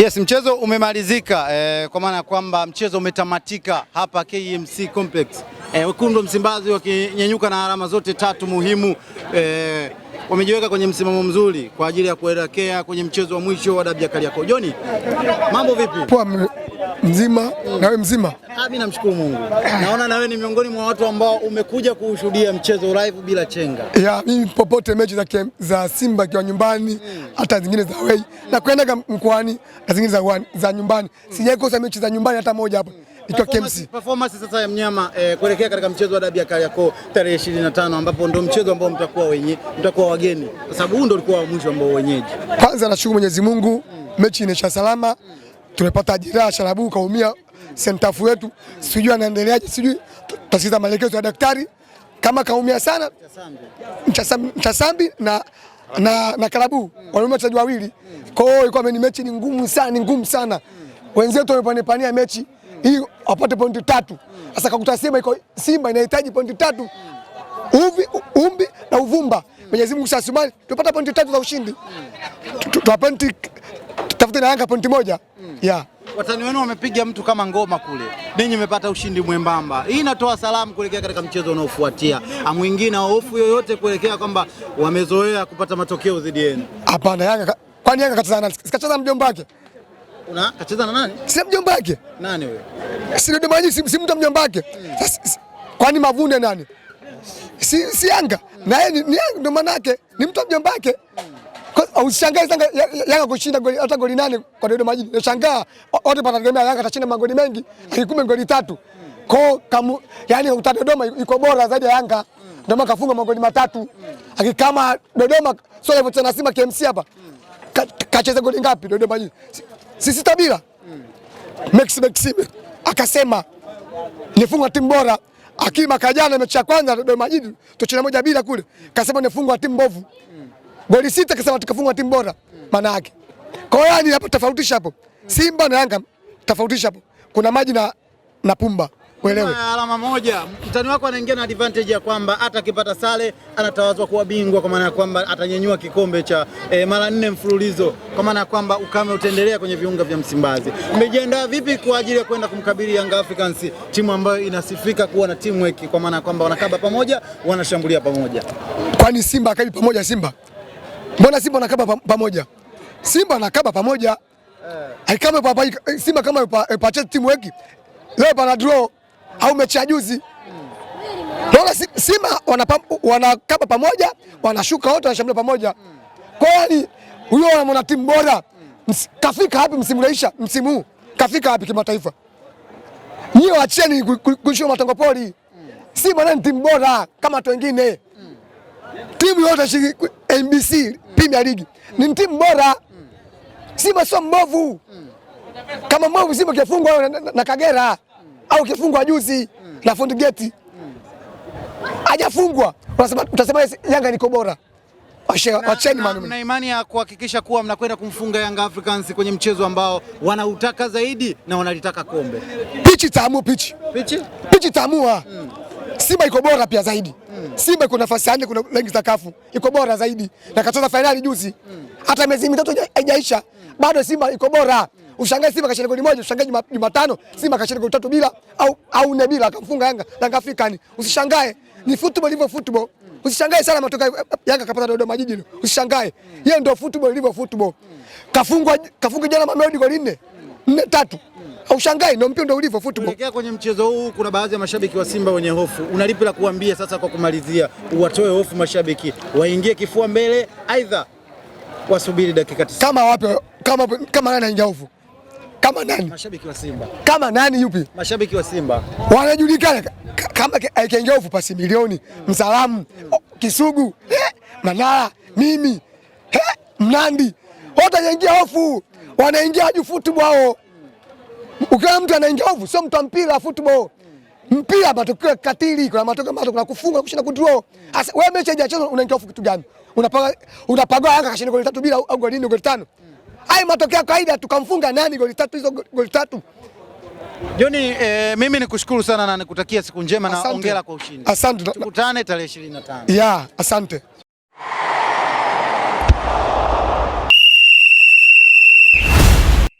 Yes, mchezo umemalizika eh, kwa maana ya kwamba mchezo umetamatika hapa KMC Complex. Eh, wekundu wa Msimbazi wakinyanyuka na alama zote tatu muhimu eh, wamejiweka kwenye msimamo mzuri kwa ajili ya kuelekea kwenye mchezo wa mwisho wa dabi ya Kariakoo. Joni, mambo vipi? Poa Mzima nawe mzima. Ah, mimi namshukuru Mungu, naona nawe ni miongoni mwa watu ambao umekuja kushuhudia mchezo live bila chenga. Ya, mimi popote mechi za, za Simba kiwa nyumbani hata mm. zingine za away mm. na kwenda mkoani na zingine za, za nyumbani mm. sijai kosa mechi za nyumbani hata moja hapo ikiwa KMC. Performance sasa ya mnyama eh, kuelekea katika mchezo wa dabi ya Kariakoo tarehe 25 ambapo ndio mchezo ambao mtakuwa wenye mtakuwa wageni, kwa sababu huu ndio ulikuwa mwisho ambao wenyeji. Kwanza nashukuru Mwenyezi Mungu mm. mechi inaisha salama mm tumepata jeraha Sharabu kaumia, sentafu wetu sijui anaendeleaje, sijui tutasikiza maelekezo ya daktari kama kaumia sana Mchasambi, Mchasambi na na, na Karabu wanaume wachezaji wawili. Kwa hiyo ilikuwa ni mechi ni ngumu sana, ni ngumu sana. Wenzetu wamepanipania mechi hii wapate pointi tatu. Sasa kakuta Simba iko Simba inahitaji pointi tatu. Uvi, umbi na uvumba. Mwenyezi Mungu sasa, tupata pointi tatu za ushindi. Tupata pointi tafute na Yanga pointi moja mm. yeah. Watani wenu wamepiga mtu kama ngoma kule, ninyi mmepata ushindi mwembamba. Hii inatoa salamu kuelekea katika mchezo unaofuatia, amwingine hofu yoyote kuelekea kwamba wamezoea kupata matokeo dhidi yenu? Hapana, Yanga kwani Yanga kacheza nani? Sikacheza mjomba wake una kacheza na nani? Si mjomba wake nani wewe? Si ndio maji, si mtu mjomba wake mm. kwani mavunde nani? Si, si Yanga hmm. na yeye ni Yanga ndio manake ni mtu mjomba wake. Ushangae Yanga, Yanga kushinda goli hata goli nane kwa Dodoma Jiji. Nashangaa wote panategemea Yanga atashinda magoli mengi, akikumbe goli tatu. Kwa kama yani uta Dodoma iko bora zaidi ya Yanga. Ndio maana kafunga magoli matatu. kama Dodoma sio hivyo tena Simba KMC hapa. Kacheza goli ngapi Dodoma Jiji? sita bila. Max Maxime akasema nifunga timu bora. Akima kajana mechi ya kwanza Dodoma Jiji tucheza moja bila kule. Kasema nifunga timu mbovu goli sita kisema tukafungwa timu bora maana yake. Kwa hiyo yani hapo tofautisha hapo. Simba na Yanga tofautisha hapo. Kuna maji na na pumba. Uelewe. Alama moja. Mtani wako anaingia na advantage ya kwamba hata akipata sare anatawazwa kuwa bingwa kwa maana ya kwamba atanyanyua kikombe cha e, mara nne mfululizo kwa maana ya kwamba ukame utaendelea kwenye viunga vya Msimbazi. Umejiandaa vipi kwa ajili ya kwenda kumkabili Young Africans, timu ambayo inasifika kuwa na teamwork kwa maana ya kwamba wanakaba pamoja, wanashambulia pamoja. Kwani Simba akali pamoja Simba? Mbona Simba nakaba pamoja? Simba nakaba pamoja. Eh. Aikame papa Simba kama ipache timu weki. Leo pana draw au mechi ya juzi. Hmm. Bora Simba wanakaba pamoja, wanashuka wote wanashambulia pamoja. Hmm. Kwa hiyo huyo anamwona timu bora. Hmm. Kafika hapi msimu unaisha? Msimu huu kafika hapi kimataifa? Nyie wacheni kushia matango pori. Simba ni timu bora kama watu wengine. Timu yote NBC mm. Premier League mm. ni timu bora mm. Simba sio mbovu mm. kama mbovu Simba kifungwa na, na Kagera mm. au kifungwa juzi mm. na Fountain Gate hajafungwa utasema Yanga niko bora. Na imani ya kuhakikisha kuwa mnakwenda kumfunga Yanga Africans kwenye mchezo ambao wanautaka zaidi na wanalitaka kombe. Pichi tamu pichi pichi tamua mm. Simba iko bora pia zaidi mm. Simba iko nafasi ya nne, kuna rangi za kafu iko bora zaidi na kacheza fainali juzi hata miezi mitatu haijaisha mm. bado Simba iko bora mm. ushangae Simba kashinda goli moja, ushangae Jumatano Simba kashinda goli tatu bila au, au nne bila akamfunga Yanga Yanga African, usishangae ni football hivyo football mm. usishangae sana matokeo Yanga kapata Dodoma Jiji leo, usishangae mm. ndio football ilivyo football mm. kafungwa kafunga jana Mamelodi goli nne 4 3 Haushangai, ndio mpira ndio ulivyo football. Kuelekea kwenye mchezo huu kuna baadhi ya mashabiki wa Simba wenye hofu, unalipi la kuambia sasa kwa kumalizia, uwatoe hofu mashabiki, waingie kifua mbele, aidha wasubiri dakika 90. Kama wapi? Kama kama nani anaingia hofu? Kama nani? Mashabiki wa Simba. Kama nani yupi? Mashabiki wa Simba. Wanajulikana kama akaingia hofu pasi milioni, Msalamu, Kisugu, Manara, mimi, Mnandi. Wote wanaingia hofu. Wanaingia juu football wao. Ukiona mtu anaingia ovu, sio mtu wa mpira football. Mpira matokeo katili, kuna matokeo matokeo, kuna kufunga, kushinda, kudraw. Sasa wewe mechi ya chezo unaingia ovu kitu gani? Unapaga unapaga Yanga kashinda goli tatu bila au goli nne goli tano. Hai matokeo ya kawaida tukamfunga nani goli tatu hizo goli tatu. Joni, eh, mimi nikushukuru sana na nikutakia siku njema Na ongera kwa ushindi. Asante. Tukutane tarehe 25. Yeah, asante.